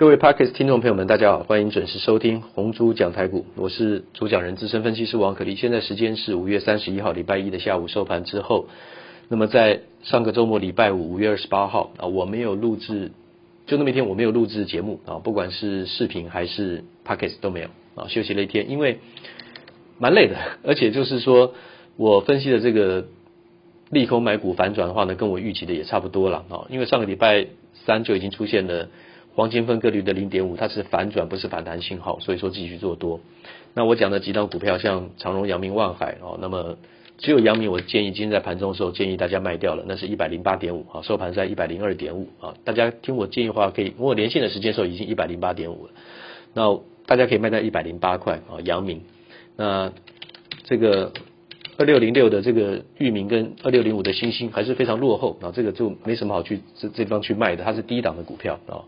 各位 Podcast 聽眾朋友們，大家好，歡迎準時收聽紅豬講台股，我是主講人資深分析師王可立。現在時間是五月三十一號禮拜一的下午收盤之後。那麼在上個周末禮拜五五月二十八號啊，我沒有錄製，就那麼一天我沒有錄製節目啊，不管是視頻還是 Podcast 都沒有啊，休息了一天，因為蠻累的，而且就是說我分析的這個利空買股反轉的話呢，跟我預期的也差不多了啊，因為上個禮拜三就已經出現了。黃金分割率的零點五，它是反轉，不是反彈信號，所以說繼續做多。那我講的幾檔股票，像長榮、陽明、萬海哦，那麼只有陽明，我建議今天在盤中的時候，建議大家賣掉了，那是一百零八點五，好收盤在一百零二點五，啊大家聽我建議的話，可以我連線的時間的時候已經一百零八點五了，那大家可以賣在一百零八塊啊，陽明。那這個二六零六的這個裕民跟二六零五的新興還是非常落後啊，這個就沒什麼好去這這方去賣的，它是低檔的股票啊。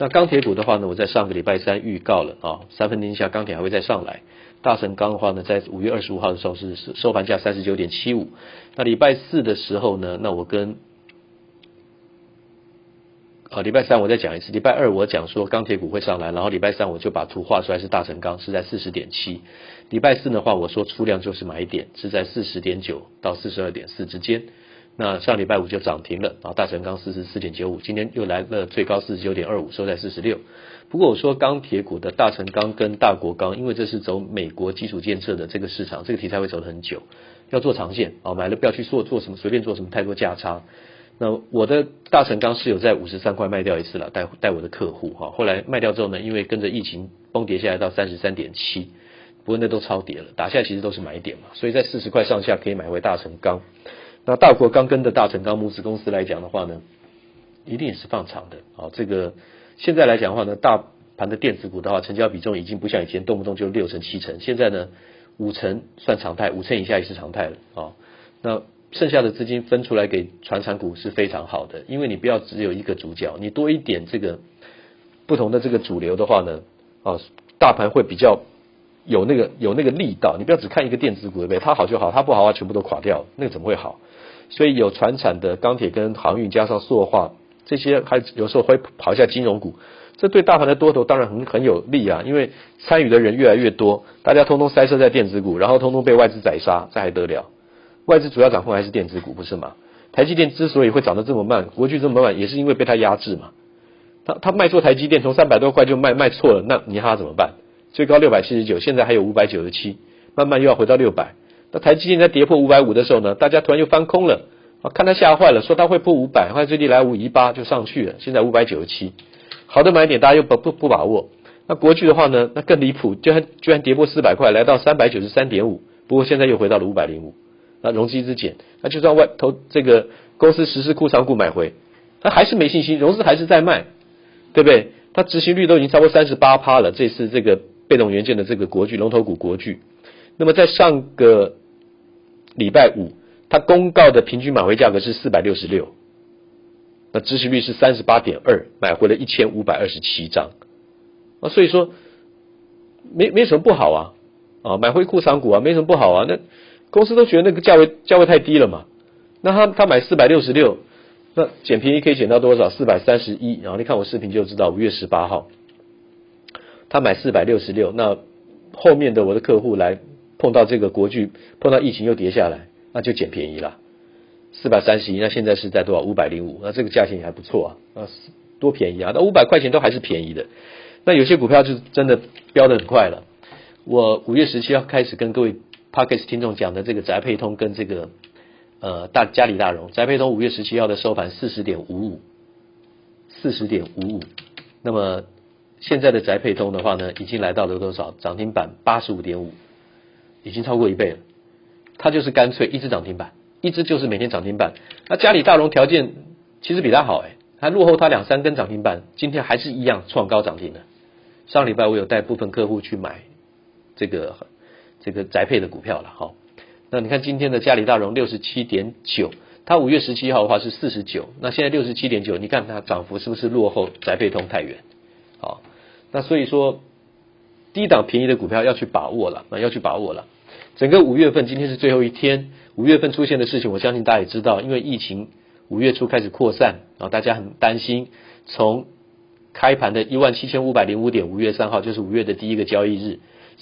那鋼鐵股的話呢，我在上個禮拜三預告了啊，三分天下鋼鐵還會再上來。大成鋼的話呢，在五月二十五號的時候是收盤價三十九點七五。那禮拜四的時候呢，那我跟啊，禮拜三我再講一次，禮拜二我講說鋼鐵股會上來，然後禮拜三我就把圖畫出來，是大成鋼是在四十點七。禮拜四的話，我說出量就是買一點，是在四十點九到四十二點四之間。那上禮拜五就漲停了啊，大成鋼四十四點九五，今天又來了最高四十九點二五，收在四十六。不過我說鋼鐵股的大成鋼跟大國鋼，因為這是走美國基礎建設的這個市場，這個題材會走得很久，要做長線啊，買了不要去做，做什麼，隨便做什麼太多價差。那我的大成鋼是有在五十三塊賣掉一次了，帶帶我的客戶哈，後來賣掉之後呢，因為跟着疫情崩跌下來到三十三點七，不過那都超跌了，打下來其實都是買一點嘛，所以在四十塊上下可以買回大成鋼。那大國鋼跟的大成鋼母子公司來講的話呢，一定也是放長的啊、哦。這個現在來講的話呢，大盤的電子股的話，成交比重已經不像以前動不動就六成七成，現在呢五成算常態，五成以下也是常態了啊、哦。那剩下的資金分出來給傳產股是非常好的，因為你不要只有一個主角，你多一點這個不同的這個主流的話呢，啊、哦，大盤會比較。有那個有那個力道，你不要只看一個電子股對不對？它好就好，它不好它全部都垮掉，那個怎麼會好？所以有傳產的鋼鐵跟航運，加上塑化這些，還有時候會跑一下金融股，這對大盤的多頭當然很很有利啊，因為參與的人越來越多，大家通通塞車在電子股，然後通通被外資宰殺，這還得了？外資主要掌控還是電子股不是嗎？台積電之所以會漲得這麼慢，國巨這麼慢，也是因為被它壓制嘛。他他賣錯台積電，從三百多塊就賣賣錯了，那你他怎麼辦？最高六百七十九，現在還有五百九十七，慢慢又要回到六百。那台積電在跌破五百五的時候呢，大家突然又翻空了，看他嚇壞了，說他會破五百，後來最低來五一八就上去了，現在五百九十七。好的買點大家又不不不把握。那國巨的話呢，那更離譜，居然居然跌破四百塊，來到三百九十三點五，不過現在又回到了五百零五。那融資一直減，那就算外投這個公司實施庫藏股買回，他還是沒信心，融資還是在賣，對不對？他執行率都已經超過三十八趴了，這次這個。被動元件的這個國巨龍頭股國巨，那麼在上個禮拜五，它公告的平均買回價格是四百六十六，那支持率是三十八點二，買回了一千五百二十七張。啊，所以說沒沒什麼不好啊，啊，買回庫藏股啊，沒什麼不好啊，那公司都覺得那個價位價位太低了嘛，那他他買四百六十六，那減便宜可以減到多少？四百三十一，然後你看我視頻就知道，五月十八號。他買四百六十六，那後面的我的客戶來碰到這個國巨碰到疫情又跌下來，那就撿便宜了，四百三十一。那現在是在多少？五百零五。那這個價錢也還不錯啊，那多便宜啊！那五百塊錢都還是便宜的。那有些股票就真的飆得很快了。我五月十七號開始跟各位 Podcast 聽眾講的這個宅配通跟這個呃大嘉里大榮，宅配通五月十七號的收盤四十點五五，四十點五五。那麼。現在的宅配通的話呢，已經來到了多少？漲停板八十五點五，已經超過一倍了。它就是乾脆一支漲停板，一支就是每天漲停板。那嘉里大榮條件其實比它好誒，還落後它兩三根漲停板。今天還是一樣創高漲停的。上禮拜我有帶部分客戶去買這個這個宅配的股票了哈。那你看今天的嘉里大榮六十七點九，它五月十七號的話是四十九，那現在六十七點九，你看它漲幅是不是落後宅配通太遠？那所以說，低檔便宜的股票要去把握了，那要去把握了。整個五月份，今天是最後一天。五月份出現的事情，我相信大家也知道，因為疫情五月初開始擴散，然後大家很擔心。從開盤的一萬七千五百零五點，五月三號就是五月的第一個交易日。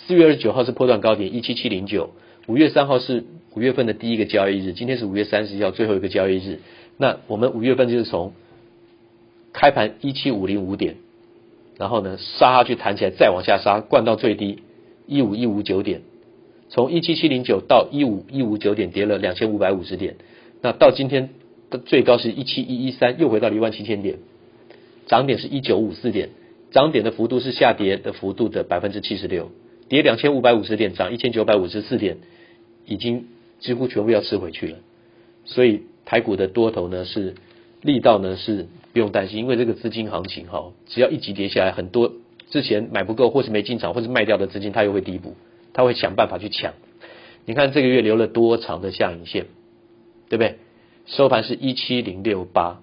四月二十九號是波段高點一七七零九，五月三號是五月份的第一個交易日，今天是五月三十一號最後一個交易日。那我們五月份就是從開盤一七五零五點。然後呢，殺下去彈起來，再往下殺，灌到最低一五一五九點，從一七七零九到一五一五九點，跌了兩千五百五十點。那到今天的最高是一七一一三，又回到了一萬七千點，漲點是一九五四點，漲點的幅度是下跌的幅度的百分之七十六，跌兩千五百五十點，漲一千九百五十四點，已經幾乎全部要吃回去了。所以台股的多頭呢，是力道呢是。不用擔心，因為這個資金行情哈，只要一急跌下來，很多之前買不夠或是沒進場或是賣掉的資金，它又會低補，它會想辦法去搶。你看這個月留了多長的下影線，對不對？收盤是一七零六八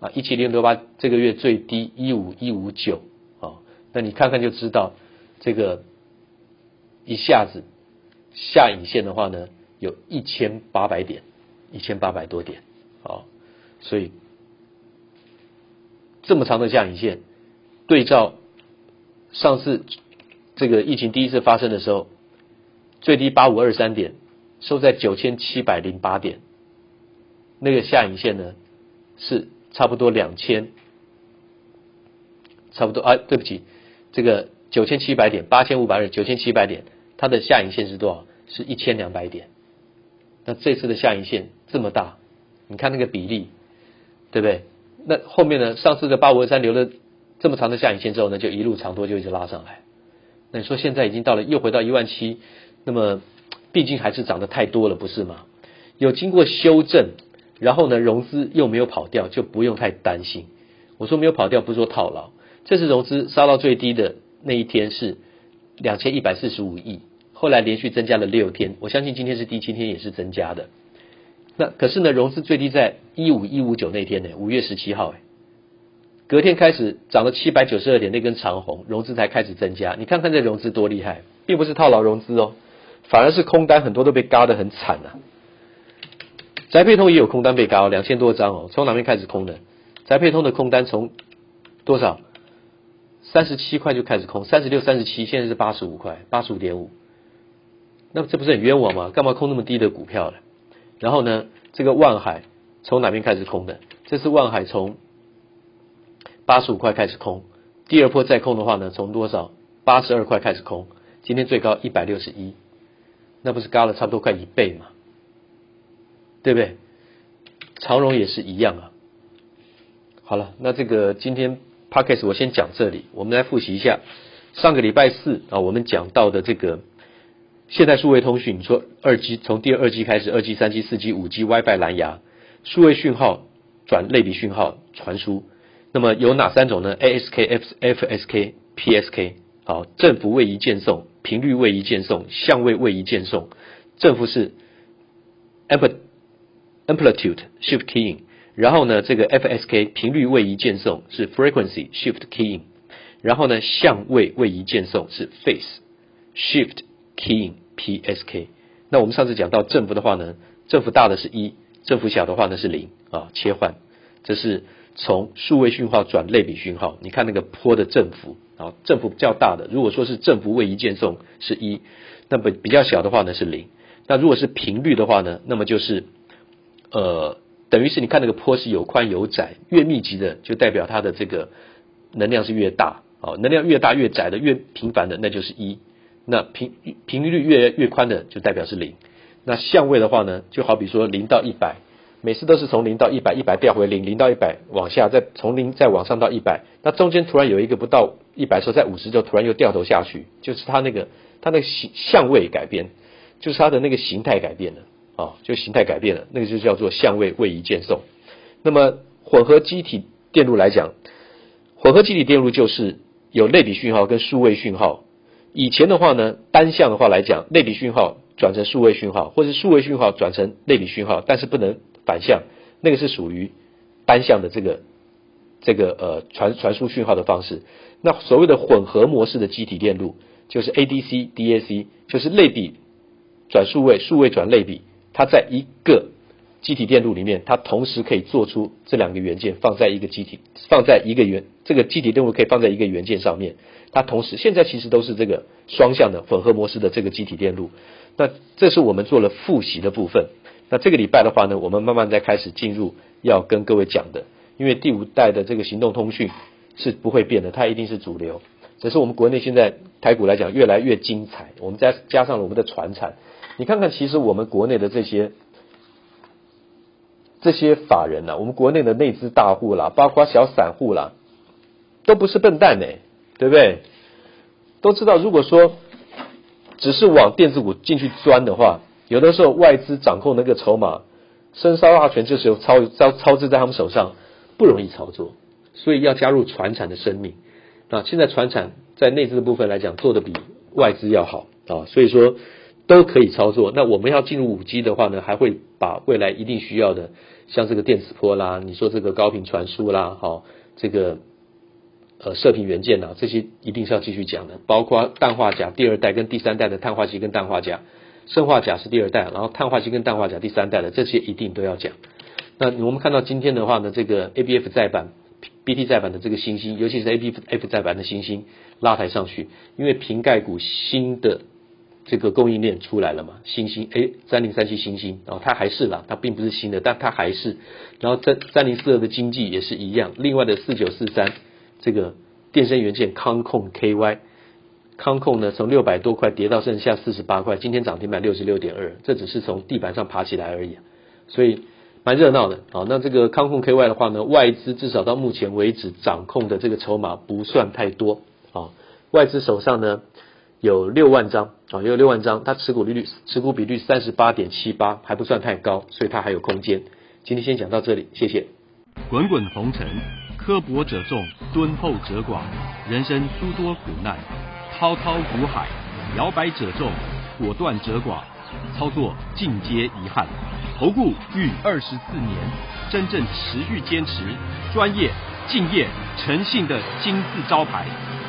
啊，一七零六八，這個月最低一五一五九啊，那你看看就知道，這個一下子下影線的話呢，有一千八百點，一千八百多點啊，所以。這麼長的下影線，對照上次這個疫情第一次發生的時候，最低八五二三點，收在九千七百零八點，那個下影線呢是差不多兩千，差不多啊，對不起，這個九千七百點，八千五百二，九千七百點，它的下影線是多少？是一千兩百點。那這次的下影線這麼大，你看那個比例，對不對？那後面呢？上次的八五二三留了這麼長的下影線之後呢，就一路長多，就一直拉上來。那你說現在已經到了，又回到一萬七，那麼畢竟還是漲得太多了，不是嗎？有經過修正，然後呢，融資又沒有跑掉，就不用太擔心。我說沒有跑掉，不是說套牢。這次融資殺到最低的那一天是兩千一百四十五億，後來連續增加了六天，我相信今天是第七天，也是增加的。那可是呢，融資最低在一五一五九那天呢，五月十七號哎，隔天開始漲了七百九十二點，那根長紅融資才開始增加。你看看這融資多厲害，並不是套牢融資哦，反而是空單很多都被割得很慘啊。宅配通也有空單被割，兩千多張哦。從哪邊開始空的？宅配通的空單從多少？三十七塊就開始空，三十六、三十七，現在是八十五塊，八十五點五。那這不是很冤枉嗎？幹嘛空那麼低的股票呢？然後呢，這個萬海。從哪邊開始空的？這是萬海從八十五塊開始空，第二波再空的話呢？從多少？八十二塊開始空。今天最高一百六十一，那不是高了差不多快一倍嗎？對不對？長榮也是一樣啊。好了，那這個今天 podcast 我先講這裡，我們來複習一下上個禮拜四啊，我們講到的這個現代數位通訊，你說二 G 從第二 G 開始，二 G、三 G、四 G、五 G、WiFi、藍牙。數位訊號轉類比訊號傳輸，那麼有哪三種呢？ASK、FSK、PSK。好，振幅位移鍵送、頻率位移鍵送、相位位移鍵送。振幅是 amplitude shift keying。然後呢，這個 FSK 頻率位移鍵送是 frequency shift keying。然後呢，相位位移鍵送是 phase shift keying，PSK。那我們上次講到振幅的話呢，振幅大的是一。振幅小的話呢是零啊、哦，切換，這是從數位訊號轉類比訊號。你看那個波的振幅啊，哦、振幅比較大的，如果說是振幅位移漸送是一，那麼比較小的話呢是零。那如果是頻率的話呢，那麼就是呃，等於是你看那個坡是有寬有窄，越密集的就代表它的這個能量是越大啊、哦，能量越大越窄的越頻繁的那就是一，那頻頻率越越寬的就代表是零。那相位的話呢，就好比說零到一百，每次都是從零到一百，一百掉回零，零到一百往下，再從零再往上到一百，那中間突然有一個不到一百時候，在五十就突然又掉頭下去，就是它那個它那個相相位改變，就是它的那個形態改變了啊、哦，就形態改變了，那個就叫做相位位移鍵送。那麼混合積體電路來講，混合積體電路就是有類比訊號跟數位訊號。以前的話呢，單向的話來講，類比訊號轉成數位訊號，或者是數位訊號轉成類比訊號，但是不能反向，那個是屬於單向的這個這個呃傳傳輸訊號的方式。那所謂的混合模式的積體電路，就是 ADC、DAC，就是類比轉數位，數位轉類比，它在一個。積體電路裡面，它同時可以做出這兩個元件放在一個積體，放在一個元這個積體電路可以放在一個元件上面。它同時現在其實都是這個雙向的混合模式的這個積體電路。那這是我們做了複習的部分。那這個禮拜的話呢，我們慢慢再開始進入要跟各位講的，因為第五代的這個行動通訊是不會變的，它一定是主流。只是我們國內現在台股來講越來越精彩，我們再加上了我們的傳產，你看看其實我們國內的這些。這些法人呢、啊，我們國內的內資大戶啦，包括小散戶啦，都不是笨蛋呢、欸，對不對？都知道，如果說只是往電子股進去鑽的話，有的時候外資掌控那個籌碼，生殺大權，就是由操操操制在他們手上，不容易操作，所以要加入傳產的生命啊。那現在傳產在內資的部分來講，做得比外資要好啊，所以說。都可以操作。那我們要進入五 G 的話呢，還會把未來一定需要的，像這個電磁波啦，你說這個高頻傳輸啦，好、哦，這個呃射頻元件吶，這些一定是要繼續講的。包括氮化鎵第二代跟第三代的碳化硅跟氮化鎵，砷化鎵是第二代，然後碳化硅跟氮化鎵第三代的這些一定都要講。那我們看到今天的話呢，這個 A B F 載板 B T 載板的這個星星，尤其是 A B F 載板的星星拉抬上去，因為蘋概股新的。這個供應鏈出來了嘛？欣興，哎，三零三七欣興，它還是啦，它並不是新的，但它還是。然後三三零四二的經濟也是一樣。另外的四九四三，這個電聲元件康控 KY，康控呢從六百多塊跌到剩下四十八塊，今天漲停板六十六點二，這只是從地板上爬起來而已，所以蠻熱鬧的，哦。那這個康控 KY 的話呢，外資至少到目前為止掌控的這個籌碼不算太多啊，哦，外資手上呢。有六萬張啊、哦，有六萬張，它持股利率，率持股比率三十八點七八，還不算太高，所以它還有空間。今天先講到這裡，謝謝。滾滾紅塵，刻薄者眾，敦厚者寡。人生諸多苦難，滔滔苦海，搖擺者眾，果斷者寡。操作盡皆遺憾。投顧逾二十四年，真正持續堅持、專業、敬業、誠信的金字招牌。